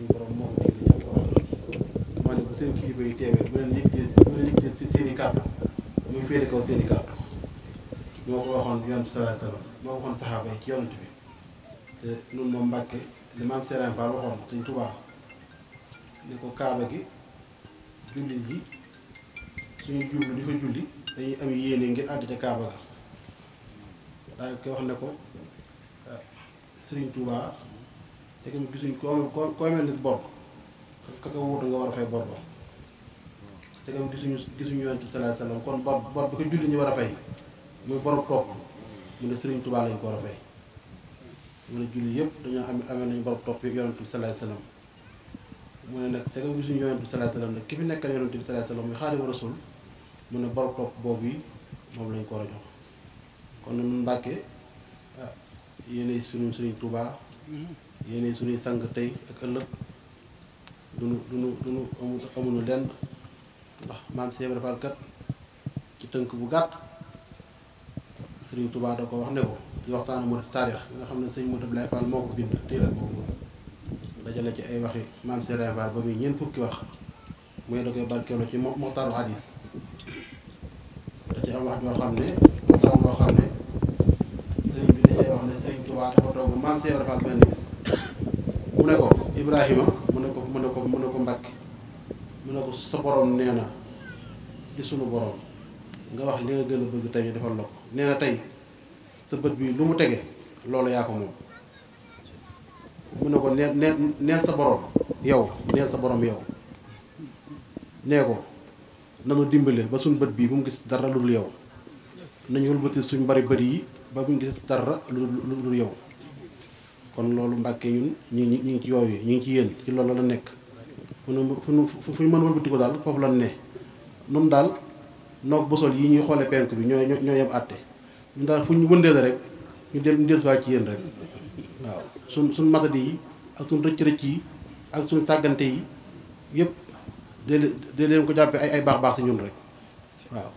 suñu borom moo ko jëlee ca borom ma ne bu seen kilifa yi teewee bu leen yëg bu leen yëg si seen i kàddu muy féete kaw seen i kàddu moo ko waxoon yonent bi sallallahu alayhi wasallam moo ko waxoon saxaaba yi ci yonent bi te ñun moom Mbàkke li maam Serigne Fall waxoon te Tuubaa ne ko Kaaba gi jullit yi suñu jublu di fa julli dañuy am yéene ngir àgg ca Kaaba ga daal koy wax ne ko ah, Serigne Touba. te itam gisuñ koo koo koo mel ni bor ka ko wuutu nga war a fay bor ba te gisuñu gisuñu yonent bi kon bor bor ko julli ñu war a fay muy boru topp mu ne Sëriñ Tuubaa lañ ko war a fay mu ne julli yëpp dañoo am amee nañu boru topp yonent bi sallallahu alayhi wasallam mu ne nag te itam gisuñu yonent bi sallallahu alayhi ki fi nekkal yonent bi sallallahu alayhi wasallam muy Xaadimu Rasuul mu ne boru topp boobu yi moom lañ ko war a jox kon nag Mbàkke ah yéene suñuy sang tey ak ëllëg duñu duñu duñu amul amuñu lenn ndax maam Cheikh Ibra ci tënk bu gàtt Serigne Touba da ko wax ne ko ci waxtaanu Murid Saadix nga xam ne sëñ Modou Abdoulaye Fall moo ko bind téere boobu dajale ci ay waxi maam Cheikh Ibra Fall ba muy ñeent fukki wax muy da koy barkeeloo ci moxtaaru hadis da ci am wax joo xam ne waxtaan boo xam ne wax ne Serigne Touba dafa toog maam mu ne ko Ibrahima mu ne ko mu ne ko mu ne ko Mbàkke mu ne ko sa borom nee na di sunu borom nga wax li nga gën a bëgg tey ñu defal la ko nee na tey sa bët bi lu mu tege loolu yaa ko moom mu ne ko nee nee neel sa borom yow neel sa boroom yow nee ko nanu dimbalee ba suñ bët bii bu mu gis dara lu dul yow nañu wëlbati suñu bari bët yi ba buñ gis dara lu lu yow kon loolu mbàkke ñun ñu ñi ñu ngi ci yooyu ñu ngi ci yéen ci loolu la nekk fu nu fu fu ñu mën ko daal foofu la ne nun daal noog bosol yi ñuy xoole penk bi ñoo ñoo yem àtte ñun daal fu ñu wëndeele rek ñu del ñu del suwaat ci yéen rek waaw su suñ matadi yi ak suñ rëcc-rëcc yi ak suñ sàggante yi yépp dee dee leen ko jàppee ay ay baax baax si ñun rek waaw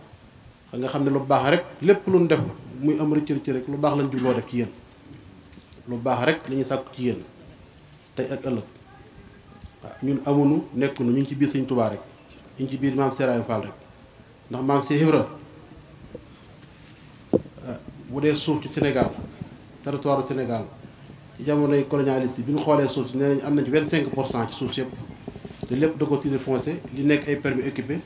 nga xam ne lu baax rek lépp lu ñu def muy am rëcc rëcc rek lu baax lañ jubloo def ci yéen lu baax rek la ñuy sàkku ci yéen tey ak ëllëg waaw ñun amuñu nekkunu ñu ngi ci biir Sëñ Tuubaa rek ñu ci biir maam Seraay rek ndax maam Seex Ibra eh, bu dee suuf ci Sénégal territoire du Sénégal ci jamonoy colonialiste bi ñu xoolee suuf si nee nañu am nañ ci cinq pour cent ci suuf si yëpp te lépp da ko titre foncier li nekk ay permis occupé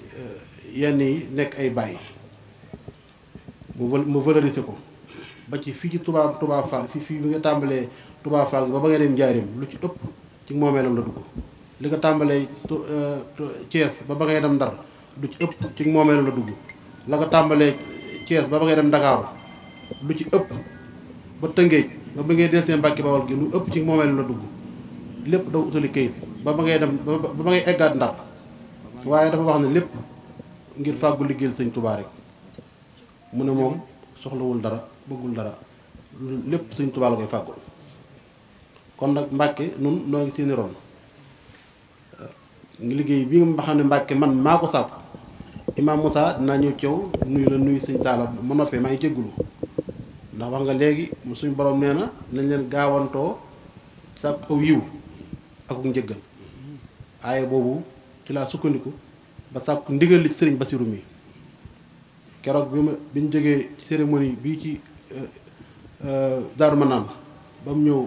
eh, yenn yi nekk ay bàyyi mu mu valoriser ko ba ci fii ci tubaab tubaab Fall fii fii bi nga tàmbalee tubaab Fall ba ba nga dem Njaareem lu ci ëpp ci moomeelam la dugg li nga tàmbalee euh, Thiès ba ba ngay dem Ndar lu ci ëpp ci moomeelam la dugg la nga tàmbalee Thiès ba ba ngay dem Ndakaaru lu ci ëpp ba Tëngéej ba ba ngay del seen Mbàkke Bawol gi ëpp ci moomeelam la dugg lépp daw utali ba ba ngay dem ba ba ngay eggaat Ndar waaye dafa wax ne lépp ngir fàggu liggéey sëñ Touba rek mu ne moom soxlawul dara bëggul dara lépp Sëñ Tuubaa la koy fàggul kon nag Mbàkke nun noo ngi seeni ron liggéey bi nga xam ne Mbàkke man maa ko sàkku Imaam Moussa dinaa ñëw ci yow nuyu la nuyu Sëñ Talla ma noppee maa ngi jéggulu ndax wax nga léegi suñu borom nee na nañ leen gaawantoo sàkku aw yiw ak njëggal aaye boobu ci laa sukkandiku ba sàkku ndigal li ci sëriñ Basiru mi keroog bi ma bi ñu jógee cérémonie bii ci euh, euh, Daaru Manaan ba mu ñëw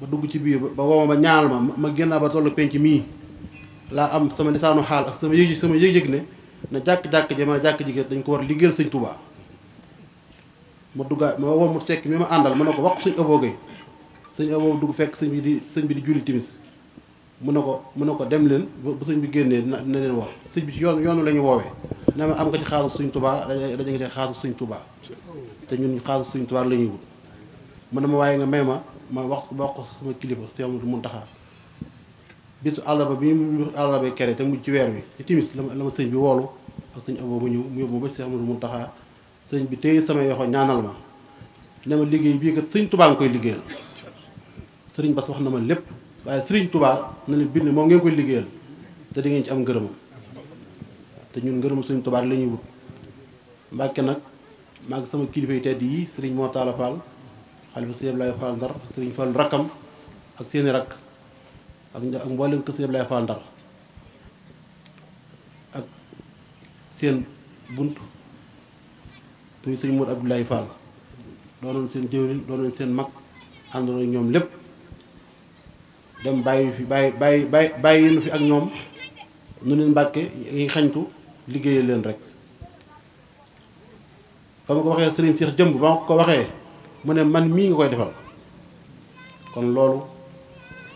ba dugg ci biir ba woo ma ba ñaanal ma ma génnaa ba tollu penc mii laa am sama lisaanu xaal ak sama yëg sama yëg-yëg ne na jàkk-jàkk ji ma ne jàkk jigéen dañ ko war liggéeyal sëñ Touba ma duggaa ma woo mu sekk mi ma àndal ma ne ko wax sëñ Abo Gueye sëñ Abo dugg fekk sëñ bi di sëñ bi di julli timis mu ne ko mun ne ko dem leen ba sëñ bi génnee dina leen wax sëñ bi ci yoon yoonu lañuy ñu ne ma am nga ci xaalis suñ tubaa dañu ngi xaalis suñ tubaa te ñun xaalis suñ tubaa la ñuy wut mu na ma waaye nga may ma ma wax ma wax ko sama kilifa Seex Muntaxa bisu àllarba bi mu àllarba kere te mujj ci weer bi ci timis la sëñ bi woolu ak sëñ ñëw mu yóbbu ma ba Seex Muntaxa sëñ bi téye sama yoxo ñaanal ma ne ma liggéey bii kat sëñ tubaa nga koy liggéeyal sëriñ Bass wax na ma lépp waaye sëriñ tubaa na ne bind moom ngeen koy liggéeyal te di ngeen ci am ngërëmam te ñun ngërëmu Sëriñ Tuubaa la ñuy wut Mbàkke nag maa sama kilifa yi tedd yi Sëriñ Mor Talla Fall xalifa Sëriñ Ablaye Fall Ndar ak seeni rakk ak ak mboolem kër Sëriñ Ablaye Fall Ndar seen bunt muy Sëriñ Mor Abdoulaye seen jëwriñ doonoon seen mag àndoon ñoom lépp dem bàyyi fi bàyyi bàyyi bàyyi bàyyi nu fi ak ñoom nu leen Mbàkke yi xañtu liggéeyal leen rek ba ma ko waxee sëriñ Cheikh jëmb ba ma ko waxee mu ne man mii nga koy defal kon loolu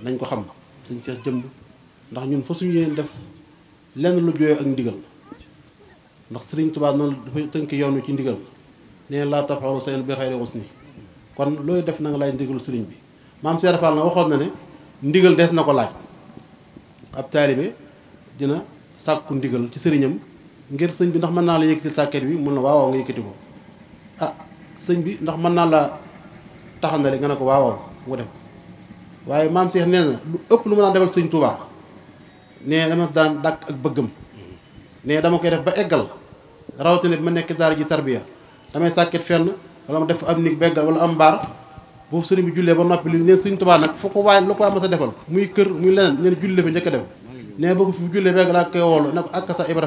nañ ko xam sëriñ seex jëmb ndax ñun fa suñu yéen def lenn lu jooyoo ak ndigal ndax sëriñ Tuubaa noonu dafay tënk yoon wi ci ndigal nee laa tafaru seen bi xëy na looy def na nga laaj ndigalu sëriñ bi maam Cheikh Fall na waxoon na ne ndigal des na ko laaj ab taalibe dina sàkku ndigal ci sëriñam ngir sëñ bi ndax mën naa la yëkkati sàkket bi mun na waawaaw nga yëkkati ko ah sëñ bi ndax mën naa la taxandale nga ne ko waawaaw mu dem waaye maam seex nee na lu ëpp lu ma naa defal sëñ Tuubaa nee dama daan dàkk ak bëggam nee dama koy def ba eggal rawatina bi ma nekk daara ji tarbiya damay sàkket fenn wala ma def am ni beggal wala am mbaar bu sëriñ bi jullee ba noppi li neen sëñ Tuubaa nag foo ko waaye lu ko am sa defal muy kër muy leneen neen julli fi njëkk a def nee boo ko fi jullee beggal ak koy woolu ne ko ak sa Ibra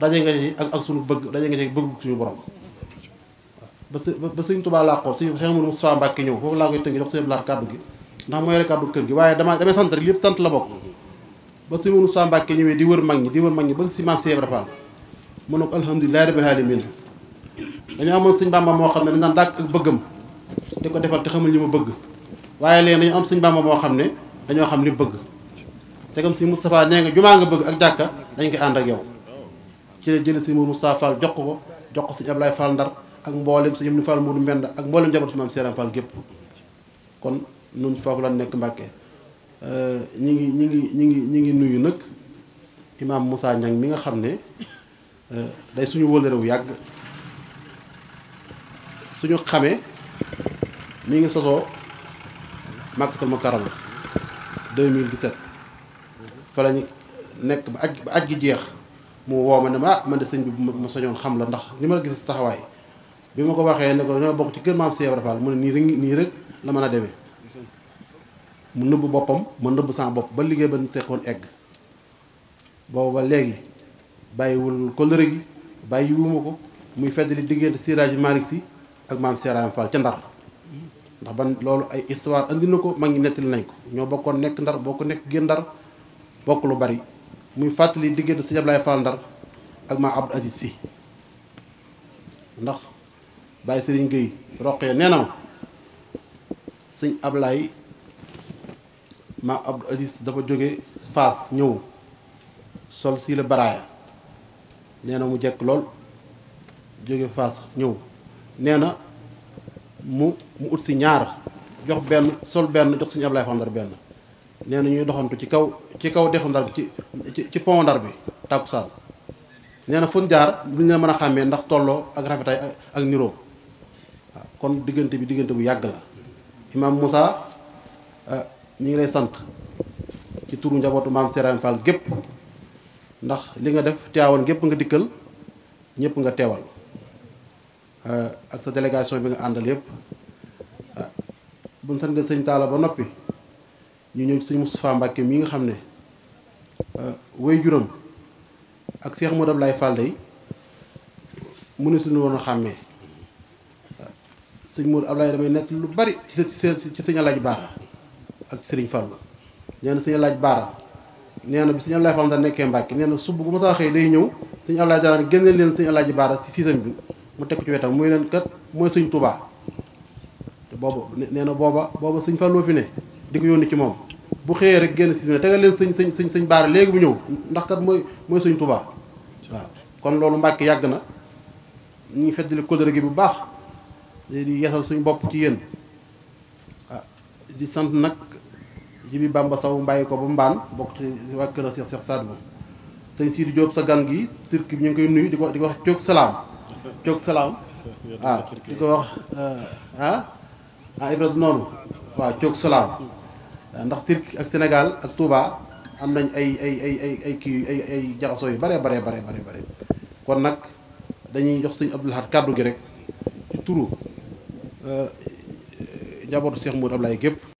daje nga ci ak ak bëgg daje nga bëgg suñu borom ba su ba sëñ Tuubaa laa xool sëñ Cheikh Moudou ñëw foofu laa koy tënk jox kàddu gi ndax mooy rek kër gi waaye damaa damay sant rek sant la bokk ba sëñ Moustapha Mbacke ñëwee di wër mag ñi di wër mag ñi ba si maam Cheikh Ibra Fall mu ne ko alhamdulilah rabbil alamin dañu amoon sëñ Bamba moo xam ne dañ daan ak bëggam di ko defal te ñu ma bëgg waaye léegi dañu am sëñ Bamba moo xam ne dañoo xam ni bëgg te si sëñ Moustapha nee nga jumaa nga bëgg ak jàkka dañ koy ànd ak yow ci la jëlee sëñ mu Moustapha Fall jox ko jox ko sëñ Ablaye Fall Ndar ak mboolem sëñ Amdi Fall Mourou Mbenda ak mboolem njabootu maam Seeram Fall gépp kon ñun foofu la nekk Mbàkke euh, ñi ngi ñi ngi ñi ngi ñi ngi nuyu nag imaam Moussa Niang mi nga xam ne euh, day suñu wëllëre wu yàgg suñu xamee mi ngi sosoo Makkatul Mukarrama 2017 fa lañu nekk ba aj ba aj gi jeex mu woo ma ne ma ah man de sëñ bi ma sañoon xam la ndax ni ma la gis taxawaay bi ma ko waxee ne ko bokk ci kër maam Cheikh Ibra Fall mu ne nii nii rek la mën a demee mu nëbb boppam ma nëbb sama bopp ba liggéey ba sekkoon egg boobu léegi bàyyiwul kóllëre gi bàyyiwuma ko muy feddali diggante Siraaji Malick si ak maam Cheikh ca Ndar ndax ban loolu ay histoire andi na ko mag ñi nettali nañ ko ñoo bokkoon nekk Ndar boo ko nekk gén Ndar bokk lu bari muy fàttali diggante sëñ Ablaye Fall Ndar ak ma Abdou Aziz si ndax bàyyi sëriñ Gueye roq nee na sëñ Ablaye maa Abdou dafa jóge Faas ñëw sol sii la baraaya na mu jekk lool jóge Faas ñëw nee na mu mu ut si ñaar jox benn sol benn jox sëñ Ablaye Fall Ndar benn nee na ñuy doxantu ci kaw ci kaw defu ndar bi ci ci pont ndar bi tàkkusaan nee na fun jaar duñ leen mën a xàmmee ndax tolloo ak rafetaay ak niroo kon diggante bi diggante bu yàgg la imaam Moussa euh, ñu ngi lay sant ci turu njabootu maam Serigne Fall gépp ndax li nga def teewoon gépp nga dikkal ñépp nga teewal euh, ak sa délégation bi nga àndal yëpp euh, buñ sant sëñ Talla ba noppi ñu ñëw ci sëñ Moustapha Mbacke nga xam ne euh, way juróom ak Cheikh Modou Abdoulaye Fall day mu ne suñu woon a xàmmee sëñ Modou Abdoulaye damay nekk lu bari ci sa ci sëñ Alaaji Baara ak Sëriñ Fallu nee na sëñ Alaaji Baara nee na bi sëñ Abdoulaye Fall da nekkee Mbacke nee na subb bu ma saa day ñëw sëñ Abdoulaye Dara génne leen sëñ Alaaji Baara ci siisam bi mu teg ci wetam muy leen kat mooy sëñ Touba te booba nee na booba booba sëñ Fallou fi ne di ko yónni ci moom bu xëyee rek génn si ne tegal leen sëñ sëñ sañ sañ baara léegi bu ñëw ndax kat mooy mooy sëñ tubaa waaw kon loolu mbàkke yàgg na ñu ngi feddali kóllëre gi bu baax di yeesal suñ bopp ci yéen di sant nag jibi bamba saw mbàyyi ko ba mbaan bokk ci waa kër Cheikh Cheikh Sadibou sëñ Sidi Diop sa gan gi turki bi ñu ngi koy nuyu di ko di ko wax coog salaam coog salaam waaw ah, di ko wax euh, ah ah Ibrahima noonu waaw coog salaam ndax Turquie ak Sénégal ak Touba am nañ ay ay ay ay ay kii ay ay jaxasoo yu bare bare bare bare bare kon nag dañuy jox sëñ Abdou Lahad kàddu gi rek ci turu euh, njabootu Cheikh Mour Abdoulaye gépp